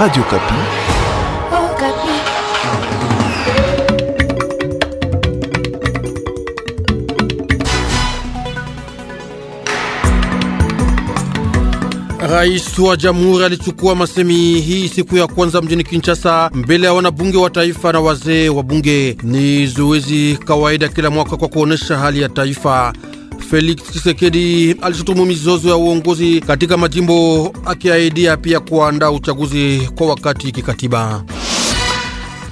Radio Kapi. Oh, Kapi. Rais wa Jamhuri alichukua masemi hii siku ya kwanza mjini Kinshasa mbele ya wanabunge wa taifa na wazee wa bunge. Ni zoezi kawaida kila mwaka kwa kuonesha hali ya taifa. Felix Tshisekedi alishutumu mizozo ya uongozi katika majimbo, akiahidia pia kuandaa uchaguzi kwa wakati kikatiba.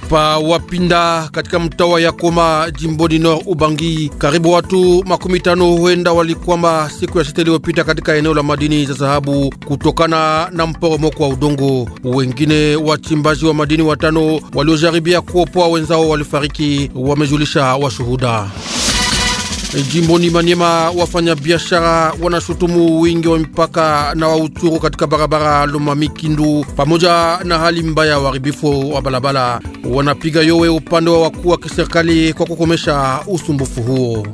Pa Wapinda katika mtawa yakoma Koma jimboni Nord Ubangi, karibu watu makumi tano huenda walikwama siku ya sita iliyopita katika eneo la madini za dhahabu kutokana na mporomoko wa udongo. Wengine wachimbaji wa madini watano waliojaribia kuopoa wenzao walifariki, wamejulisha washuhuda. Eh, jimboni wafanya biashara wanashutumu wingi wa mipaka na wa uchuru katika barabara Lomami Kindu, pamoja na hali mbaya uharibifu wa barabara. Wanapiga yowe upande wa wakuu wa kiserikali kwa kukomesha usumbufu huo.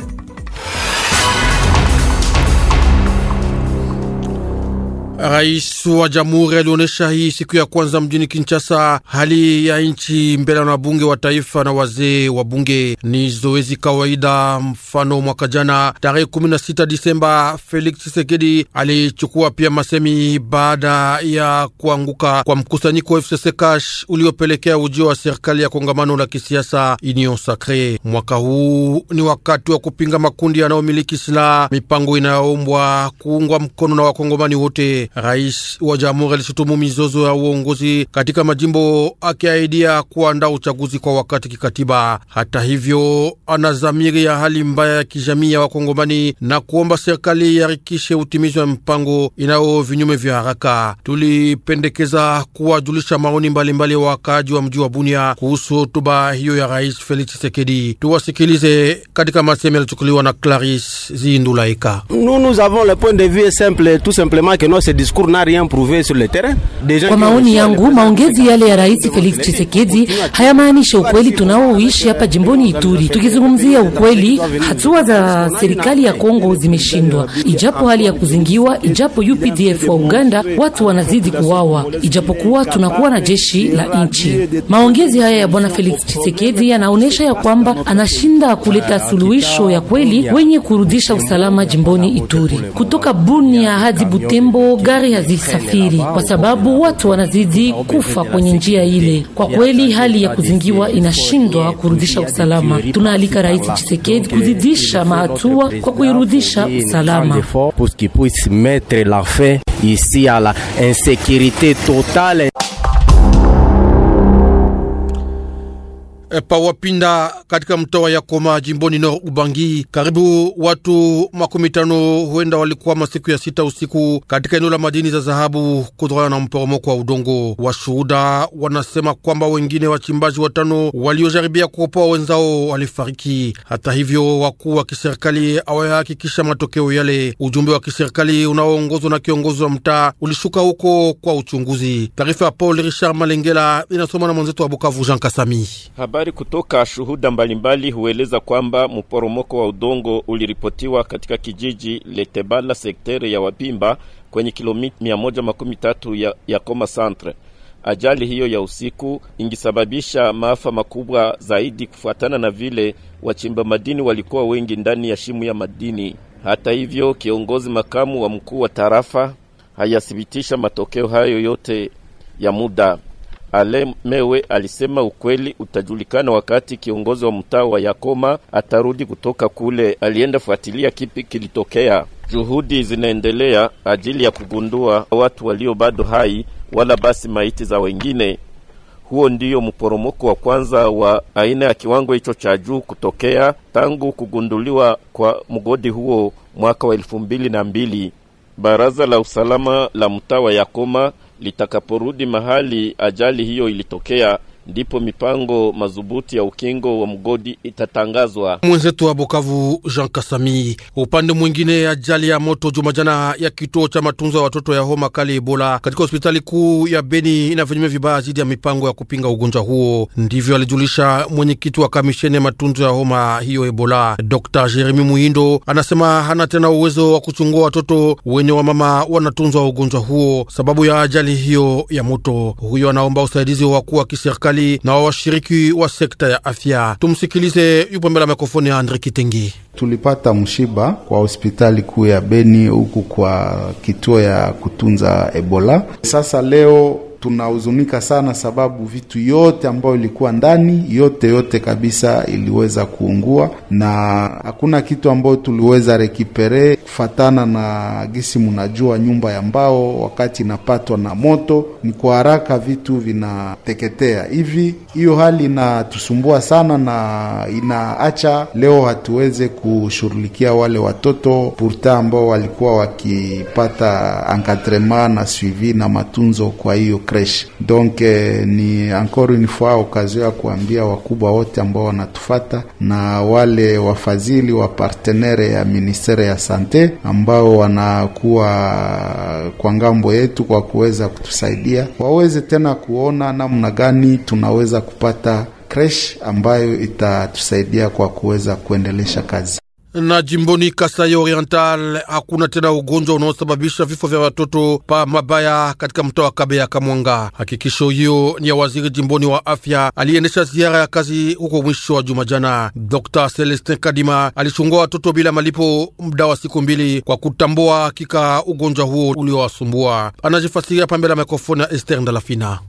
Rais wa jamhuri alionyesha hii siku ya kwanza mjini Kinshasa hali ya nchi mbele na bunge wa taifa na wazee wa bunge. Ni zoezi kawaida. Mfano, mwaka jana tarehe 16 Disemba, Felix Tshisekedi alichukua pia masemi baada ya kuanguka kwa mkusanyiko FCC Cash uliopelekea ujio wa serikali ya kongamano la kisiasa Union Sacre. Mwaka huu ni wakati wa kupinga makundi yanayomiliki silaha, mipango inayoombwa kuungwa mkono na wakongomani wote. Rais wa jamhuri alishutumu mizozo ya uongozi katika majimbo, akiahidia kuandaa uchaguzi kwa wakati kikatiba. Hata hivyo, zamiri ya hali mbaya ya kijamii ya Wakongomani na kuomba serikali iharikishe utimizi wa mpango inayo vinyume vya haraka. Tulipendekeza kuwajulisha maoni mbalimbali ya wakaaji wa mji wa Bunia kuhusu hotuba hiyo ya Rais Felix Tshisekedi. Tuwasikilize katika masemi yalichukuliwa na Clarisse Zindulaika discours n'a rien prouvé sur le terrain. Kwa maoni yangu, maongezi yale ya Rais Felix Tshisekedi hayamaanishi ukweli tunaoishi hapa jimboni Ituri. Tukizungumzia ukweli, hatua za serikali ya Kongo zimeshindwa, ijapo hali ya kuzingiwa, ijapo UPDF wa Uganda watu wanazidi kuwawa, ijapokuwa tunakuwa na jeshi la nchi. Maongezi haya ya bwana Felix Tshisekedi yanaonyesha ya kwamba anashinda kuleta suluhisho ya kweli wenye kurudisha usalama jimboni Ituri. Kutoka Bunia hadi Butembo gari hazisafiri kwa sababu watu wanazidi kufa kwenye njia ile. Kwa kweli, hali ya kuzingiwa inashindwa kurudisha usalama. Tunaalika Rais chisekedi kuzidisha mahatua kwa kuirudisha usalama. Eh, pa Wapinda katika mtaa wa Yakoma jimboni Nord Ubangi. Karibu watu makumi tano huenda walikuwa masiku ya sita usiku katika eneo la madini za dhahabu kutokana na mporomoko wa udongo. Washuhuda wanasema kwamba wengine wachimbaji watano waliojaribia kuopoa wenzao walifariki. Hata hivyo, wakuu wa kiserikali hawayahakikisha matokeo yale. Ujumbe wa kiserikali unaoongozwa na kiongozi wa mtaa ulishuka huko kwa uchunguzi. Taarifa ya Paul Richard Malengela inasoma na mwenzetu wa Bukavu Jean Kasami Haba. Habari kutoka shuhuda mbalimbali hueleza kwamba mporomoko wa udongo uliripotiwa katika kijiji Letebala, sektere ya Wapimba, kwenye kilomita 113 ya, ya Koma Centre. Ajali hiyo ya usiku ingisababisha maafa makubwa zaidi, kufuatana na vile wachimba madini walikuwa wengi ndani ya shimu ya madini. Hata hivyo, kiongozi makamu wa mkuu wa tarafa hayathibitisha matokeo hayo yote ya muda. Ale Mewe alisema ukweli utajulikana wakati kiongozi wa mtaa wa Yakoma atarudi kutoka kule. Alienda fuatilia kipi kilitokea. Juhudi zinaendelea ajili ya kugundua watu walio bado hai wala basi maiti za wengine. Huo ndiyo mporomoko wa kwanza wa aina ya kiwango hicho cha juu kutokea tangu kugunduliwa kwa mgodi huo mwaka wa elfu mbili na mbili. Baraza la usalama la mtaa wa Yakoma litakaporudi mahali ajali hiyo ilitokea ndipo mipango madhubuti ya ukingo wa mgodi itatangazwa. Mwenzetu wa Bukavu, Jean Kasami. Upande mwingine, ajali ya moto jumajana ya kituo cha matunzo ya watoto ya homa kali Ebola katika hospitali kuu ya Beni inavyonyuma vibaya zidi ya mipango ya kupinga ugonjwa huo. Ndivyo alijulisha mwenyekiti wa kamisheni ya matunzo ya homa hiyo Ebola, Dr Jeremi Muhindo. Anasema hana tena uwezo wa kuchungua watoto wenye wamama wanatunzwa ugonjwa huo sababu ya ajali hiyo ya moto. Huyo anaomba usaidizi wakuu wa kiserikali serikali na washiriki wa sekta ya afya. Tumsikilize, yupo mbele ya mikrofoni ya Andre Kitengi. Tulipata mshiba kwa hospitali kuu ya Beni huku kwa kituo ya kutunza Ebola. Sasa leo tunahuzunika sana sababu vitu yote ambayo ilikuwa ndani yote yote kabisa iliweza kuungua, na hakuna kitu ambayo tuliweza rekipere kufatana na gisi munajua, nyumba ya mbao wakati inapatwa na moto ni kwa haraka vitu vinateketea hivi. Hiyo hali inatusumbua sana na inaacha leo hatuweze kushughulikia wale watoto purta ambao walikuwa wakipata encadrama na suivi na matunzo kwa hiyo creche. Donc eh, ni encore une fois ya kuambia wakubwa wote ambao wanatufata na wale wafadhili wa partenere ya ministere ya sante Sante ambao wanakuwa kwa ngambo yetu kwa kuweza kutusaidia waweze tena kuona namna gani tunaweza kupata creche ambayo itatusaidia kwa kuweza kuendelesha kazi na jimboni Kasai Oriental hakuna tena ugonjwa unaosababisha vifo vya watoto pa mabaya katika mtaa wa Kabeya Kamwanga. Hakikisho hiyo ni ya waziri jimboni wa afya aliendesha ziara ya kazi huko mwisho wa juma jana. Dr Celestin Kadima alichungua watoto bila malipo muda wa siku mbili kwa kutambua hakika ugonjwa huo uliowasumbua. Anajifasiria pambele ya mikrofoni ya Ester Ndalafina.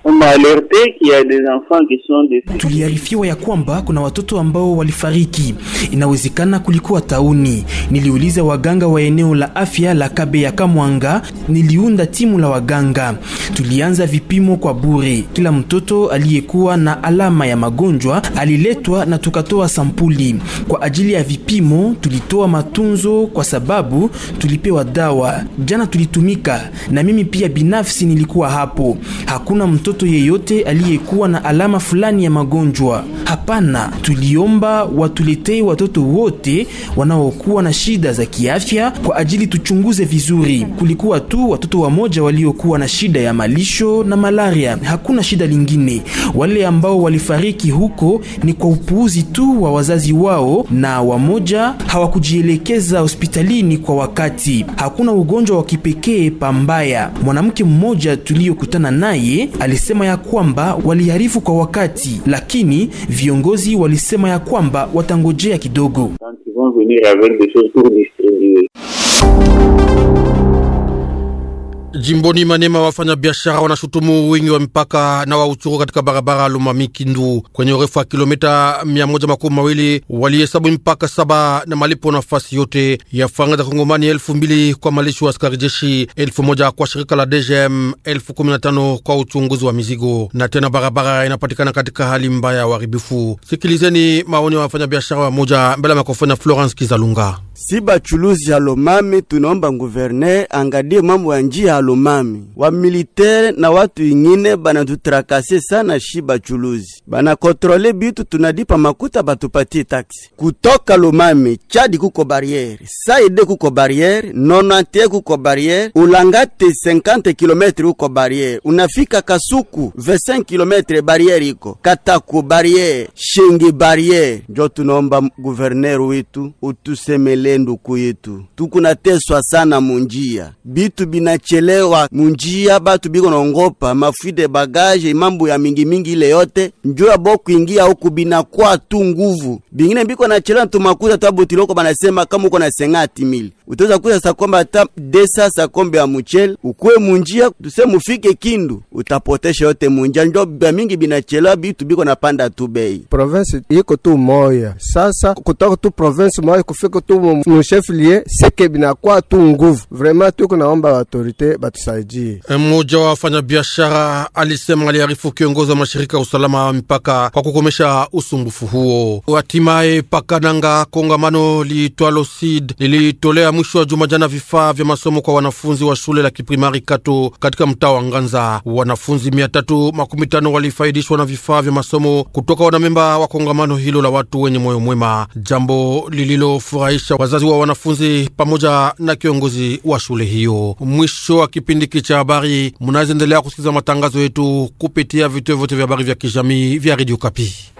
Tuliarifiwa ya kwamba kuna watoto ambao walifariki, inawezekana kulikuwa tauni. Niliuliza waganga wa eneo la afya la ya Kamwanga, niliunda timu la waganga. Tulianza vipimo kwa bure. Kila mtoto aliyekuwa na alama ya magonjwa aliletwa na tukatoa sampuli kwa ajili ya vipimo. Tulitoa matunzo kwa sababu tulipewa dawa. Jana tulitumika na mimi pia binafsi nilikuwa hapo. Hakuna mtoto yeyote aliyekuwa na alama fulani ya magonjwa, hapana. Tuliomba watuletee watoto wote wa wanaokuwa na shida za kiafya kwa ajili tuchunguze vizuri. Kulikuwa tu watoto wamoja waliokuwa na shida ya malisho na malaria, hakuna shida lingine. Wale ambao walifariki huko ni kwa upuuzi tu wa wazazi wao, na wamoja hawakujielekeza hospitalini kwa wakati. Hakuna ugonjwa wa kipekee pambaya. Mwanamke mmoja tuliyokutana naye alisema ya kwamba waliharifu kwa wakati, lakini viongozi walisema ya kwamba watangojea kidogo. venir avec des choses pour distribuer. Jimboni Manema, wafanya biashara wanashutumu wingi wa mipaka na wa uchuru katika barabara Lomami Kindu kwenye urefu wa kilomita mia moja makumi mawili walihesabu mipaka saba na malipo nafasi yote ya faranga za Kongomani elfu mbili kwa malisho wa askari jeshi, elfu moja kwa shirika la DGM, elfu kumi na tano kwa uchunguzi wa mizigo, na tena barabara inapatikana katika hali mbaya ya uharibifu. Sikilizeni maoni ya wafanya biashara wa moja mbele ya makofoni ya Florence Kizalunga. Si bachuluzi halomami, tunaomba guverner angadie mambo ya njia halomami. Wamilitere na watu ingine banatutrakase sana, shi bachuluzi banakontrole bitu, tunadipa makuta batupatie taksi kutoka Lomami. Chadi kuko bariere, Saide kuko bariere, Nonante kuko bariere, Ulangate 50 km kuko bariere, unafika Kasuku 25 km bariere iko Kataku bariere, Shingi bariere. njo tunaomba guverner witu utusemele tuendelee nduku yetu, tukunateswa sana munjia, bitu binachelewa munjia, batu biko nongopa mafuide bagaje, mambo ya mingi mingi ile yote njoya bo kuingia huku binakuwa tu nguvu, bingine biko nachelewa tumakuta twabutiloko, banasema kama uko na sengati mili utaweza kuya sakombe hata desa kombe ya mchele ukue munjia tuseme ufike Kindu, utapotesha yote munjia. Ndo ba mingi binachelewa, bitu biko napanda tu bei. Province iko tu moya sasa, kutoka tu province moya kufika tu msheflie seke binakuwa tu nguvu vraiment. Tuko naomba autorite batusaidie. Eh, mmoja wa wafanyabiashara alisema aliarifu kiongozi wa mashirika ya usalama wa mipaka kwa kukomesha usumbufu huo. Hatimaye pakananga kongamano liitwalo SID lilitolea mwisho wa juma jana vifaa vya masomo kwa wanafunzi wa shule la kiprimari Kato katika mtaa wa Nganza. Wanafunzi mia tatu makumi tano walifaidishwa na vifaa vya masomo kutoka wanamemba wa kongamano hilo la watu wenye moyo mwema, jambo lililofurahisha wazazi wa wanafunzi pamoja na kiongozi wa shule hiyo. Mwisho wa kipindi hiki cha habari, munaendelea kusikiliza matangazo yetu kupitia vituo vyote vya habari vya kijamii vya Radio Kapi.